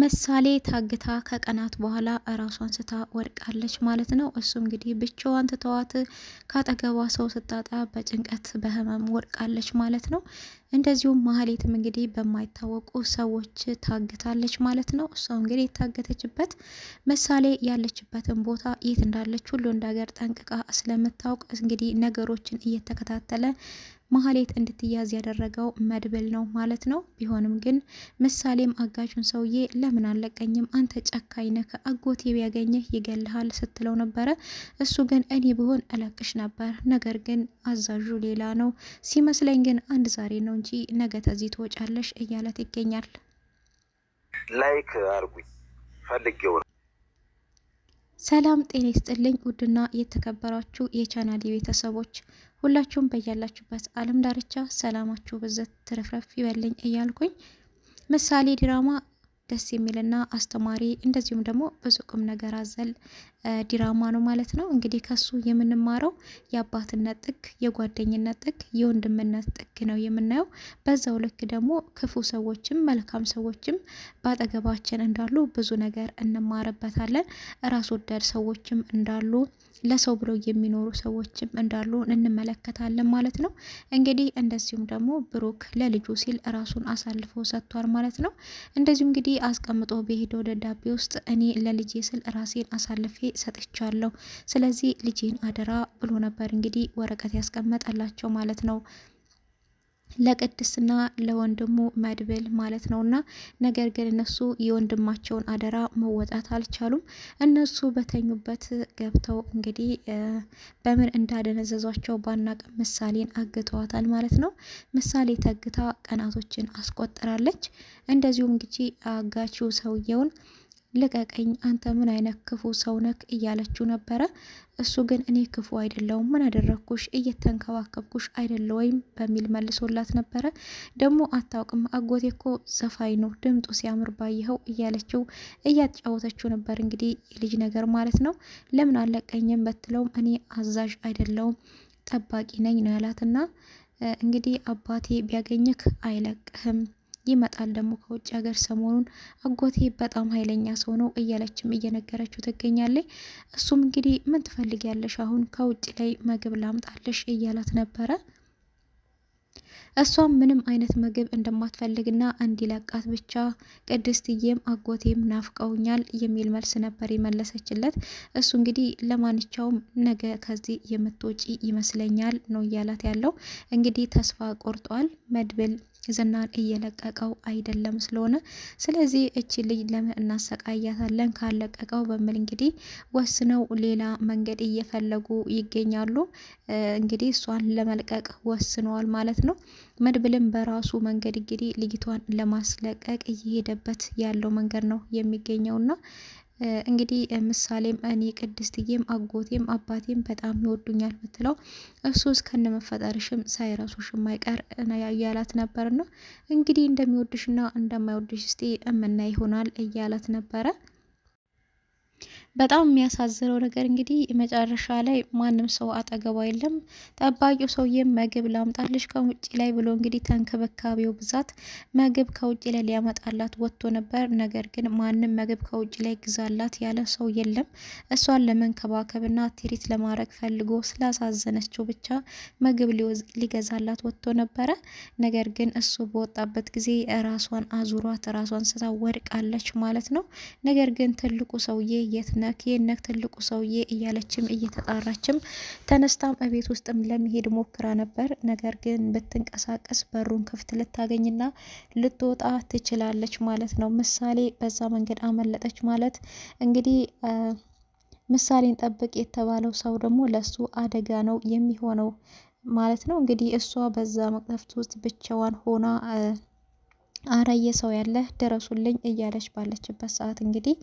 ምሳሌ ታግታ ከቀናት በኋላ እራሷን ስታ ወድቃለች ማለት ነው። እሱ እንግዲህ ብቻዋን ትተዋት ካጠገቧ ሰው ስታጣ በጭንቀት በህመም ወድቃለች ማለት ነው። እንደዚሁም ማህሌትም እንግዲህ በማይታወቁ ሰዎች ታግታለች ማለት ነው። እሷ እንግዲህ የታገተችበት ምሳሌ ያለችበትን ቦታ የት እንዳለች ሁሉ እንዳገር ጠንቅቃ ስለምታውቅ እንግዲህ ነገሮችን እየተከታተለ መሀሌት እንድትያዝ ያደረገው መድብል ነው ማለት ነው። ቢሆንም ግን ምሳሌም አጋቹን ሰውዬ ለምን አለቀኝም አንተ ጨካኝ ነህ፣ አጎቴ ቢያገኘህ ይገልሃል ስትለው ነበረ። እሱ ግን እኔ ብሆን እለቅሽ ነበር፣ ነገር ግን አዛዡ ሌላ ነው ሲመስለኝ፣ ግን አንድ ዛሬ ነው እንጂ ነገ ተዚህ ትወጫለሽ እያለት ይገኛል። ላይክ አርጉኝ ፈልጌው ነው። ሰላም ጤና ይስጥልኝ። ውድና የተከበራችሁ የቻናል ቤተሰቦች ሁላችሁም በያላችሁበት ዓለም ዳርቻ ሰላማችሁ ብዘት ትረፍረፍ ይበልኝ እያልኩኝ ምሳሌ ድራማ ደስ የሚልና አስተማሪ እንደዚሁም ደግሞ ብዙ ቁም ነገር አዘል ዲራማ ነው ማለት ነው። እንግዲህ ከሱ የምንማረው የአባትነት ጥግ፣ የጓደኝነት ጥግ፣ የወንድምነት ጥግ ነው የምናየው። በዛው ልክ ደግሞ ክፉ ሰዎችም መልካም ሰዎችም በአጠገባችን እንዳሉ ብዙ ነገር እንማርበታለን። ራስ ወዳድ ሰዎችም እንዳሉ ለሰው ብለው የሚኖሩ ሰዎችም እንዳሉ እንመለከታለን ማለት ነው። እንግዲህ እንደዚሁም ደግሞ ብሩክ ለልጁ ሲል ራሱን አሳልፎ ሰጥቷል ማለት ነው። እንደዚሁም እንግዲህ አስቀምጦ በሄደው ደብዳቤ ውስጥ እኔ ለልጄ ስል ራሴን አሳልፌ ሰጥቻለሁ፣ ስለዚህ ልጄን አደራ ብሎ ነበር እንግዲህ ወረቀት ያስቀመጠላቸው ማለት ነው ለቅድስና ለወንድሙ መድብል ማለት እና ነገር ግን እነሱ የወንድማቸውን አደራ መወጣት አልቻሉም። እነሱ በተኙበት ገብተው እንግዲህ በምን እንዳደነዘዟቸው ባናቅ ምሳሌን አግተዋታል ማለት ነው። ምሳሌ ተግታ ቀናቶችን አስቆጥራለች። እንደዚሁም እንግዲህ አጋችው ሰውየውን ልቀቀኝ፣ አንተ ምን አይነት ክፉ ሰው ነክ እያለችው ነበረ። እሱ ግን እኔ ክፉ አይደለውም፣ ምን አደረግኩሽ? እየተንከባከብኩሽ አይደለ ወይም በሚል መልሶላት ነበረ። ደግሞ አታውቅም፣ አጎቴ እኮ ዘፋኝ ነው፣ ድምጡ ሲያምር ባየኸው እያለችው እያጫወተችው ነበር። እንግዲህ የልጅ ነገር ማለት ነው። ለምን አለቀኝም በትለውም እኔ አዛዥ አይደለውም ጠባቂ ነኝ ነው ያላትና እንግዲህ አባቴ ቢያገኝክ አይለቅህም ይመጣል ደግሞ ከውጭ ሀገር ሰሞኑን አጎቴ በጣም ኃይለኛ ሰው ነው እያለችም እየነገረችው ትገኛለች። እሱም እንግዲህ ምን ትፈልጊያለሽ አሁን ከውጭ ላይ ምግብ ላምጣለሽ እያላት ነበረ። እሷም ምንም አይነት ምግብ እንደማትፈልግና እንዲለቃት ብቻ ቅድስትዬም አጎቴም ናፍቀውኛል የሚል መልስ ነበር የመለሰችለት። እሱ እንግዲህ ለማንቻውም ነገ ከዚህ የምትወጪ ይመስለኛል ነው እያላት ያለው። እንግዲህ ተስፋ ቆርጧል መድብል ዝናን እየለቀቀው አይደለም ስለሆነ ስለዚህ እች ልጅ ለምን እናሰቃያታለን ካለቀቀው በሚል እንግዲህ ወስነው ሌላ መንገድ እየፈለጉ ይገኛሉ። እንግዲህ እሷን ለመልቀቅ ወስነዋል ማለት ነው። መድብልም በራሱ መንገድ እንግዲህ ልጅቷን ለማስለቀቅ እየሄደበት ያለው መንገድ ነው የሚገኘውና እንግዲህ ምሳሌም እኔ ቅድስትዬም አጎቴም አባቴም በጣም ይወዱኛል ምትለው እሱ እስከነ መፈጠርሽም ሳይረሱሽ የማይቀር እያላት ነበርና እንግዲህ እንደሚወድሽና እንደማይወድሽ እስቲ እምና ይሆናል እያላት ነበረ። በጣም የሚያሳዝነው ነገር እንግዲህ መጨረሻ ላይ ማንም ሰው አጠገቧ የለም። ጠባቂው ሰውዬም ምግብ ላምጣልሽ ከውጭ ላይ ብሎ እንግዲህ ተንከበካቢው ብዛት ምግብ ከውጭ ላይ ሊያመጣላት ወጥቶ ነበር። ነገር ግን ማንም ምግብ ከውጭ ላይ ግዛላት ያለ ሰው የለም። እሷን ለመንከባከብና ትሪት ለማድረግ ፈልጎ ስላሳዘነችው ብቻ ምግብ ሊገዛላት ወጥቶ ነበረ። ነገር ግን እሱ በወጣበት ጊዜ ራሷን አዙሯት ራሷን ስታ ወድቃለች ማለት ነው። ነገር ግን ትልቁ ሰውዬ የት ነክ የነክ ትልቁ ሰውዬ እያለችም እየተጣራችም ተነስታም እቤት ውስጥም ለመሄድ ሞክራ ነበር። ነገር ግን ብትንቀሳቀስ በሩን ክፍት ልታገኝና ልትወጣ ትችላለች ማለት ነው። ምሳሌ በዛ መንገድ አመለጠች ማለት እንግዲህ ምሳሌን ጠብቅ የተባለው ሰው ደግሞ ለሱ አደጋ ነው የሚሆነው ማለት ነው። እንግዲህ እሷ በዛ መቅጠፍት ውስጥ ብቻዋን ሆና አረየ ሰው ያለ ደረሱልኝ እያለች ባለችበት ሰዓት እንግዲህ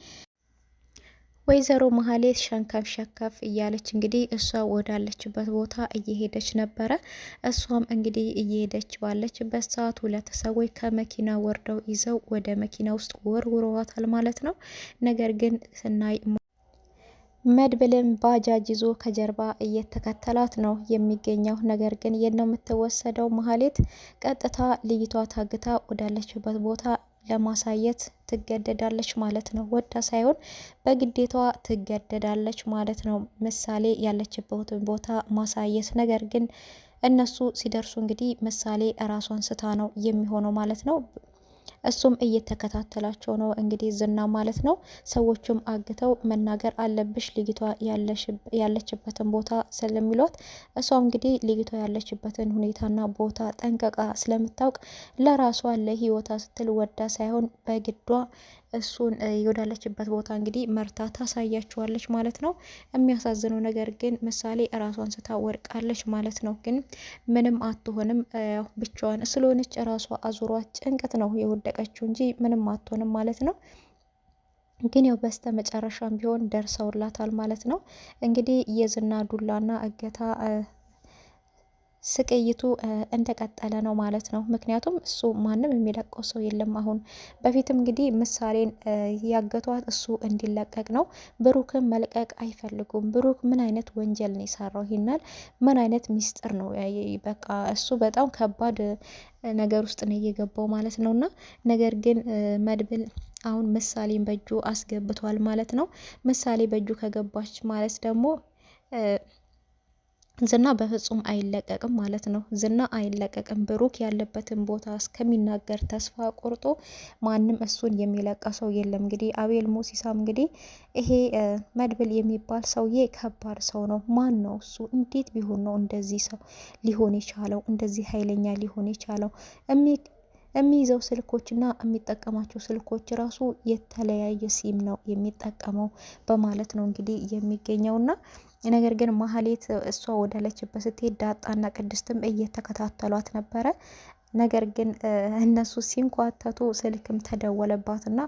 ወይዘሮ መሀሌት ሸንከፍ ሸከፍ እያለች እንግዲህ እሷ ወዳለችበት ቦታ እየሄደች ነበረ። እሷም እንግዲህ እየሄደች ባለችበት ሰዓት ሁለት ሰዎች ከመኪና ወርደው ይዘው ወደ መኪና ውስጥ ወርውረዋታል ማለት ነው። ነገር ግን ስናይ መድብልን ባጃጅ ይዞ ከጀርባ እየተከተላት ነው የሚገኘው። ነገር ግን የት ነው የምትወሰደው? መሀሌት ቀጥታ ልይቷ ታግታ ወዳለችበት ቦታ ለማሳየት ትገደዳለች ማለት ነው። ወዳ ሳይሆን በግዴታዋ ትገደዳለች ማለት ነው። ምሳሌ ያለችበትን ቦታ ማሳየት ነገር ግን እነሱ ሲደርሱ እንግዲህ ምሳሌ ራሷን ስታ ነው የሚሆነው ማለት ነው። እሱም እየተከታተላቸው ነው እንግዲህ ዝና ማለት ነው። ሰዎቹም አግተው መናገር አለብሽ ልጅቷ ያለችበትን ቦታ ስለሚሏት እሷ እንግዲህ ልጅቷ ያለችበትን ሁኔታና ቦታ ጠንቀቃ ስለምታውቅ ለራሷ ለሕይወቷ ስትል ወዳ ሳይሆን በግዷ እሱን የወዳለችበት ቦታ እንግዲህ መርታ ታሳያችኋለች ማለት ነው። የሚያሳዝነው ነገር ግን ምሳሌ ራሷን ስታ ወድቃለች ማለት ነው። ግን ምንም አትሆንም ብቻዋን ስለሆነች ራሷ አዙሯት ጭንቀት ነው የወደቀችው እንጂ ምንም አትሆንም ማለት ነው። ግን ያው በስተ መጨረሻም ቢሆን ደርሰውላታል ማለት ነው። እንግዲህ የዝና ዱላና እገታ ስቅይቱ እንደቀጠለ ነው ማለት ነው። ምክንያቱም እሱ ማንም የሚለቀው ሰው የለም። አሁን በፊትም እንግዲህ ምሳሌን ያገቷት እሱ እንዲለቀቅ ነው። ብሩክን መልቀቅ አይፈልጉም። ብሩክ ምን አይነት ወንጀል ነው የሰራው? ይናል ምን አይነት ሚስጥር ነው? በቃ እሱ በጣም ከባድ ነገር ውስጥ ነው እየገባው ማለት ነው። እና ነገር ግን መድብል አሁን ምሳሌን በእጁ አስገብቷል ማለት ነው። ምሳሌ በእጁ ከገባች ማለት ደግሞ ዝና በፍጹም አይለቀቅም ማለት ነው። ዝና አይለቀቅም። ብሩክ ያለበትን ቦታ እስከሚናገር ተስፋ ቆርጦ ማንም እሱን የሚለቀ ሰው የለም። እንግዲህ አቤል ሙሲሳም እንግዲህ ይሄ መድብል የሚባል ሰውዬ ከባድ ሰው ነው። ማን ነው እሱ? እንዴት ቢሆን ነው እንደዚህ ሰው ሊሆን የቻለው? እንደዚህ ኃይለኛ ሊሆን የቻለው? የሚይዘው ስልኮችና የሚጠቀማቸው ስልኮች ራሱ የተለያየ ሲም ነው የሚጠቀመው በማለት ነው እንግዲህ የሚገኘውና ነገር ግን ማህሌት እሷ ወዳለችበት ስትሄድ ዳጣና ቅድስትም እየተከታተሏት ነበረ። ነገር ግን እነሱ ሲንኳተቱ ስልክም ተደወለባትና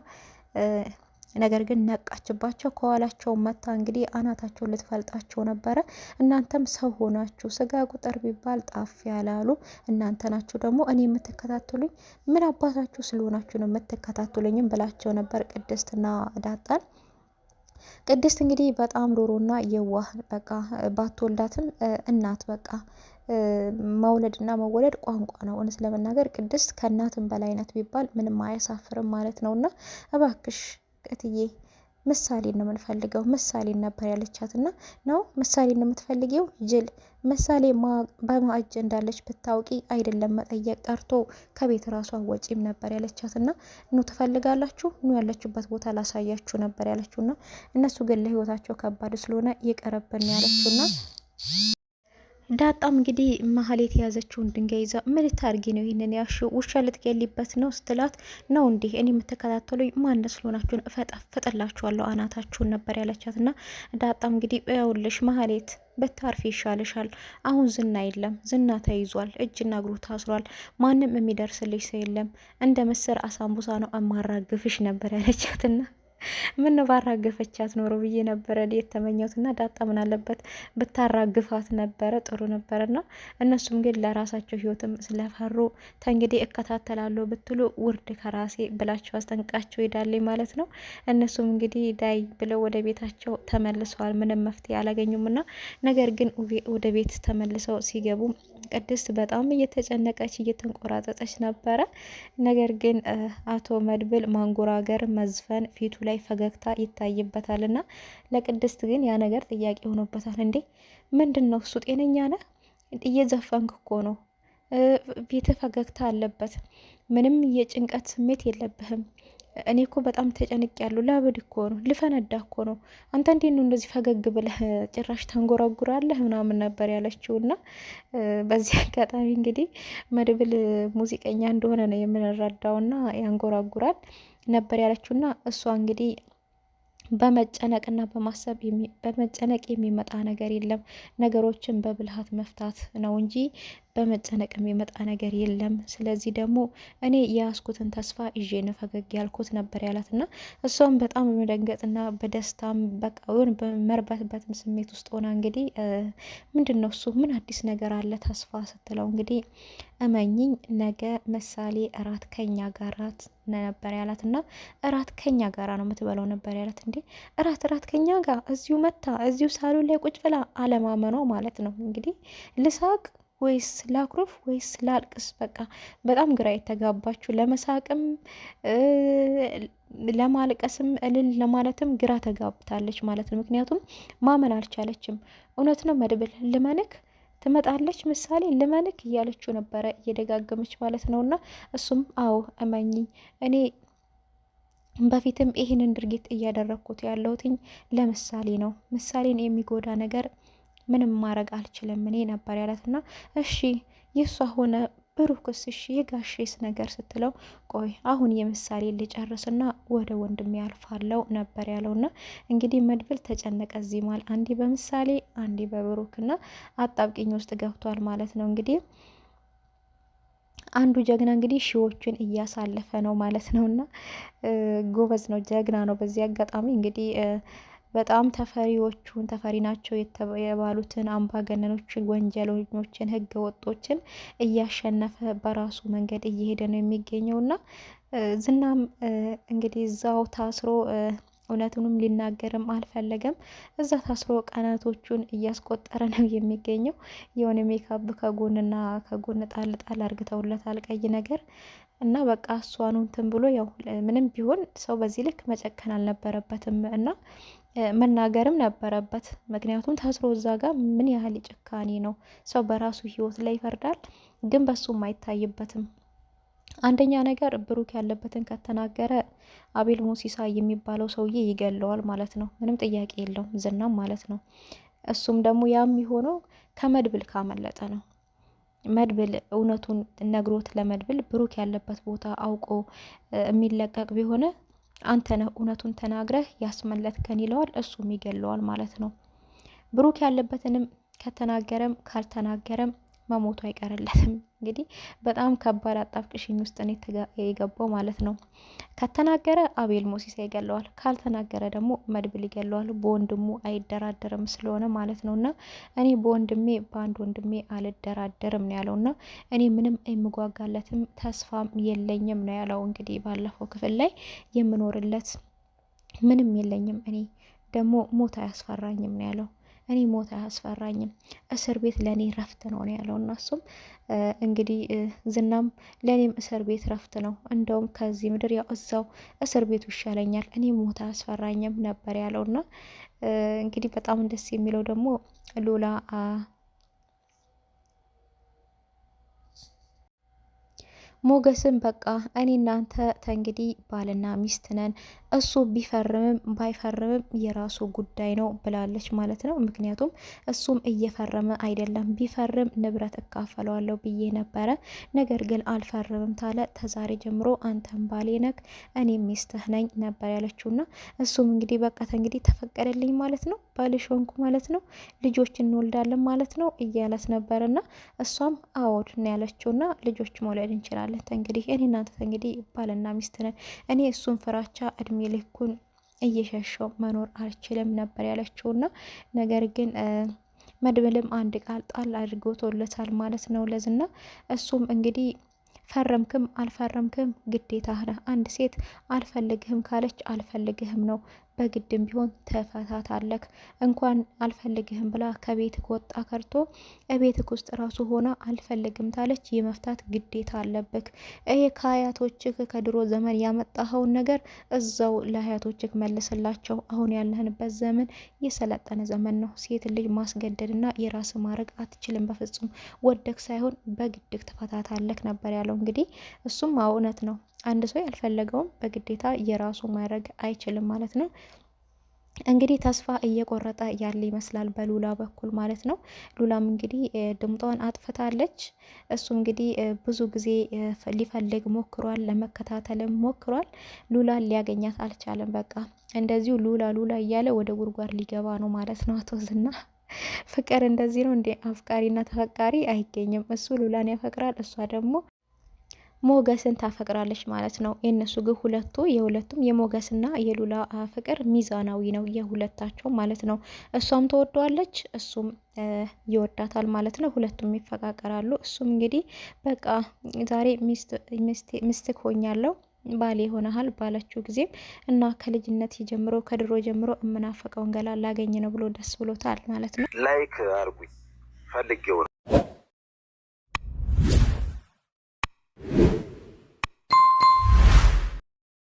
ነገር ግን ነቃችባቸው። ከኋላቸው መታ እንግዲህ አናታቸውን ልትፈልጣቸው ነበረ። እናንተም ሰው ሆናችሁ ስጋ ቁጥር ቢባል ጣፍ ያላሉ እናንተ ናችሁ ደግሞ እኔ የምትከታተሉኝ ምን አባታችሁ ስለሆናችሁ ነው የምትከታተሉኝም ብላቸው ነበር ቅድስትና ዳጣን ቅድስት እንግዲህ በጣም ዶሮና የዋህ በቃ ባትወልዳትም እናት በቃ መውለድና መወለድ ቋንቋ ነው። እውነት ለመናገር ቅድስት ከእናትም በላይ ቢባል ምንም አያሳፍርም ማለት ነውና እባክሽ ቅትዬ ምሳሌን ነው የምንፈልገው ምሳሌን ነበር ያለቻት እና ነው ምሳሌን ነው የምትፈልጊው ጅል ምሳሌ በማእጅ እንዳለች ብታውቂ አይደለም መጠየቅ ቀርቶ ከቤት ራሷ ወጪም ነበር ያለቻት እና ኑ ትፈልጋላችሁ ኑ ያለችበት ቦታ ላሳያችሁ ነበር ያለችው እና እነሱ ግን ለህይወታቸው ከባድ ስለሆነ ይቀረብን ያለችው እና ዳጣም እንግዲህ መሀሌት የያዘችውን ድንጋይ ይዛ ምን ልታርጊ ነው ይህንን ያሽው ውሻ ልትገሊበት ነው ስትላት፣ ነው እንዲህ እኔ የምትከታተሉኝ ማነስ ሆናችሁን እፈጠፍጥላችኋለሁ አናታችሁን ነበር ያለቻት። ና ዳጣም እንግዲህ ያውልሽ መሀሌት በታርፊ ይሻልሻል። አሁን ዝና የለም፣ ዝና ተይዟል፣ እጅና እግሩ ታስሯል፣ ማንም የሚደርስልሽ ሰው የለም። እንደ ምስር አሳምቡሳ ነው አማራግፍሽ ነበር ያለቻትና ምን ነው ባራገፈቻት ኖሮ ብዬ ነበረ የተመኘሁት። እና ዳጣ ምን አለበት ብታራግፋት ነበረ ጥሩ ነበረ ና እነሱም ግን ለራሳቸው ህይወትም ስለፈሩ ተንግዲህ እከታተላለሁ ብትሉ ውርድ ከራሴ ብላቸው አስጠንቃቸው ሄዳለ ማለት ነው። እነሱም እንግዲህ ዳይ ብለው ወደ ቤታቸው ተመልሰዋል። ምንም መፍትሄ አላገኙም ና ነገር ግን ወደ ቤት ተመልሰው ሲገቡ ቅድስት በጣም እየተጨነቀች እየተንቆራጠጠች ነበረ። ነገር ግን አቶ መድብል ማንጎራገር፣ መዝፈን ፊቱ ላይ ላይ ፈገግታ ይታይበታል። እና ለቅድስት ግን ያ ነገር ጥያቄ ሆኖበታል። እንዴ ምንድን ነው እሱ ጤነኛ ነህ? እየዘፈንክ እኮ ነው። ቤት ፈገግታ አለበት። ምንም የጭንቀት ስሜት የለብህም። እኔ እኮ በጣም ተጨንቅ ያሉ ላብድ እኮ ነው ልፈነዳ እኮ ነው። አንተ እንዴት ነው እንደዚህ ፈገግ ብለህ ጭራሽ ታንጎራጉራለህ ምናምን ነበር ያለችው። እና በዚህ አጋጣሚ እንግዲህ መድብል ሙዚቀኛ እንደሆነ ነው የምንረዳው እና ያንጎራጉራል። ነበር እና እሷ እንግዲህ በመጨነቅና በማሰብ በመጨነቅ የሚመጣ ነገር የለም፣ ነገሮችን በብልሃት መፍታት ነው እንጂ በመጨነቅ የሚመጣ ነገር የለም። ስለዚህ ደግሞ እኔ የያዝኩትን ተስፋ ይዤ ነው ፈገግ ያልኩት ነበር ያላት እና እሷም በጣም በመደንገጥና በደስታም በቃ ይሁን በመርበትበትም ስሜት ውስጥ ሆና እንግዲህ ምንድን ነው እሱ ምን አዲስ ነገር አለ ተስፋ ስትለው እንግዲህ እመኝኝ ነገ ምሳሌ እራት ከኛ ጋር ነበር ያላት እና እራት ከኛ ጋራ ነው የምትበለው ነበር ያላት። እንዴ እራት እራት ከኛ ጋር እዚሁ መታ እዚሁ ሳሎን ላይ ቁጭ ብላ አለማመኗ ማለት ነው። እንግዲህ ልሳቅ ወይስ ላኩርፍ ወይስ ላልቅስ? በቃ በጣም ግራ የተጋባችሁ ለመሳቅም ለማልቀስም እልል ለማለትም ግራ ተጋብታለች ማለት ነው። ምክንያቱም ማመን አልቻለችም። እውነት ነው መድብል ልመንክ ትመጣለች ምሳሌ ልመንክ እያለችው ነበረ እየደጋገመች ማለት ነው። እና እሱም አዎ እመኝኝ እኔ በፊትም ይህንን ድርጊት እያደረግኩት ያለሁትኝ ለምሳሌ ነው። ምሳሌን የሚጎዳ ነገር ምንም ማድረግ አልችልም እኔ ነበር ያላት እና እሺ የእሷ ሆነ ብሩክስ እሺ የጋሼስ ነገር ስትለው ቆይ አሁን የምሳሌ ልጨርስና ወደ ወንድም ያልፋለው ነበር ያለውና እንግዲህ መድብል ተጨነቀ። እዚህ መሃል አንዴ በምሳሌ አንዴ በብሩክና አጣብቂኝ ውስጥ ገብቷል ማለት ነው እንግዲህ አንዱ ጀግና እንግዲህ ሺዎችን እያሳለፈ ነው ማለት ነውና ጎበዝ ነው፣ ጀግና ነው። በዚህ አጋጣሚ እንግዲህ በጣም ተፈሪዎቹን ተፈሪ ናቸው የባሉትን አምባገነኖችን፣ ወንጀለኞችን፣ ህገ ወጦችን እያሸነፈ በራሱ መንገድ እየሄደ ነው የሚገኘው እና ዝናም እንግዲህ እዛው ታስሮ እውነቱንም ሊናገርም አልፈለገም። እዛ ታስሮ ቀናቶቹን እያስቆጠረ ነው የሚገኘው። የሆነ ሜካፕ ከጎንና ከጎን ጣል ጣል አርግተውለታል ቀይ ነገር እና በቃ እሷኑንትን ብሎ ያው ምንም ቢሆን ሰው በዚህ ልክ መጨከን አልነበረበትም እና መናገርም ነበረበት። ምክንያቱም ተስሮ እዛ ጋር ምን ያህል ጭካኔ ነው። ሰው በራሱ ህይወት ላይ ይፈርዳል፣ ግን በሱም አይታይበትም። አንደኛ ነገር ብሩክ ያለበትን ከተናገረ አቤል ሙሲሳ የሚባለው ሰውዬ ይገለዋል ማለት ነው። ምንም ጥያቄ የለውም። ዝናም ማለት ነው። እሱም ደግሞ ያም የሆነው ከመድብል ካመለጠ ነው። መድብል እውነቱን ነግሮት ለመድብል ብሩክ ያለበት ቦታ አውቆ የሚለቀቅ ቢሆነ አንተ ነህ እውነቱን ተናግረህ ያስመለጥከን ይለዋል። እሱም ይገለዋል ማለት ነው። ብሩክ ያለበትንም ከተናገረም ካልተናገረም መሞቱ አይቀርለትም። እንግዲህ በጣም ከባድ አጣብቅሽኝ ውስጥ ነው የገባው ማለት ነው። ከተናገረ አቤል ሞሲሳ ይገለዋል፣ ካልተናገረ ደግሞ መድብል ይገለዋል። በወንድሙ አይደራደርም ስለሆነ ማለት ነው። እና እኔ በወንድሜ በአንድ ወንድሜ አልደራደርም ነው ያለው። እና እኔ ምንም የምጓጋለትም ተስፋም የለኝም ነው ያለው። እንግዲህ ባለፈው ክፍል ላይ የምኖርለት ምንም የለኝም እኔ ደግሞ ሞት አያስፈራኝም ነው ያለው። እኔ ሞት አያስፈራኝም፣ እስር ቤት ለእኔ ረፍት ነው ነው ያለው። እና እሱም እንግዲህ ዝናም ለእኔም እስር ቤት ረፍት ነው፣ እንደውም ከዚህ ምድር ያው እዛው እስር ቤቱ ይሻለኛል፣ እኔ ሞት አያስፈራኝም ነበር ያለው። እና እንግዲህ በጣም ደስ የሚለው ደግሞ ሉላ ሞገስም በቃ እኔ እናንተ ተእንግዲህ ባልና ሚስት ነን እሱ ቢፈርምም ባይፈርምም የራሱ ጉዳይ ነው ብላለች ማለት ነው። ምክንያቱም እሱም እየፈረመ አይደለም። ቢፈርም ንብረት እካፈለዋለሁ ብዬ ነበረ፣ ነገር ግን አልፈርምም ታለ። ተዛሬ ጀምሮ አንተን ባሌ ነክ እኔ ሚስትህ ነኝ ነበር ያለችውና እሱም እንግዲህ በቃተ እንግዲህ ተፈቀደልኝ ማለት ነው፣ ባልሽ ሆንኩ ማለት ነው፣ ልጆች እንወልዳለን ማለት ነው እያለት ነበር። ና እሷም አዎድ ነው ያለችውና ልጆች መውለድ እንችላለን ተንግዲህ እኔ እናንተ ተንግዲህ ባልና ሚስት ነን እኔ እሱን ፍራቻ እድሜ ፋሚሊኩን እየሸሸው መኖር አልችልም ነበር ያለችው እና ነገር ግን መድብልም አንድ ቃል ጣል አድርጎ አድርጎቶለታል ማለት ነው ለዝና። እሱም እንግዲህ ፈረምክም አልፈረምክም ግዴታ ነህ። አንድ ሴት አልፈልግህም ካለች አልፈልግህም ነው። በግድም ቢሆን ተፈታታለክ። እንኳን አልፈልግህም ብላ ከቤትክ ወጣ ከርቶ እቤትክ ውስጥ ራሱ ሆና አልፈልግም ታለች። የመፍታት ግዴታ አለብክ። ይሄ ከአያቶችክ ከድሮ ዘመን ያመጣኸውን ነገር እዛው ለአያቶችክ መልስላቸው። አሁን ያለህንበት ዘመን የሰለጠነ ዘመን ነው። ሴት ልጅ ማስገደድና የራስ ማድረግ አትችልም በፍጹም። ወደክ ሳይሆን በግድክ ትፈታታለክ ነበር ያለው። እንግዲህ እሱም እውነት ነው። አንድ ሰው ያልፈለገውም በግዴታ የራሱ ማድረግ አይችልም ማለት ነው። እንግዲህ ተስፋ እየቆረጠ ያለ ይመስላል በሉላ በኩል ማለት ነው። ሉላም እንግዲህ ድምጧን አጥፍታለች። እሱ እንግዲህ ብዙ ጊዜ ሊፈልግ ሞክሯል፣ ለመከታተልም ሞክሯል። ሉላን ሊያገኛት አልቻለም። በቃ እንደዚሁ ሉላ ሉላ እያለ ወደ ጉድጓድ ሊገባ ነው ማለት ነው አቶ ዝና ፍቅር እንደዚህ ነው እንዴ? አፍቃሪና ተፈቃሪ አይገኝም። እሱ ሉላን ያፈቅራል፣ እሷ ደግሞ ሞገስን ታፈቅራለች ማለት ነው። የእነሱ ግን ሁለቱ የሁለቱም የሞገስና የሉላ ፍቅር ሚዛናዊ ነው የሁለታቸው ማለት ነው። እሷም ተወደዋለች፣ እሱም ይወዳታል ማለት ነው። ሁለቱም ይፈቃቀራሉ። እሱም እንግዲህ በቃ ዛሬ ሚስትክ ሆኛለሁ ባል የሆነሃል ባለችው ጊዜም እና ከልጅነት ጀምሮ ከድሮ ጀምሮ የምናፈቀውን ገላ ላገኝ ነው ብሎ ደስ ብሎታል ማለት ነው። ላይክ አርጉኝ ፈልጌው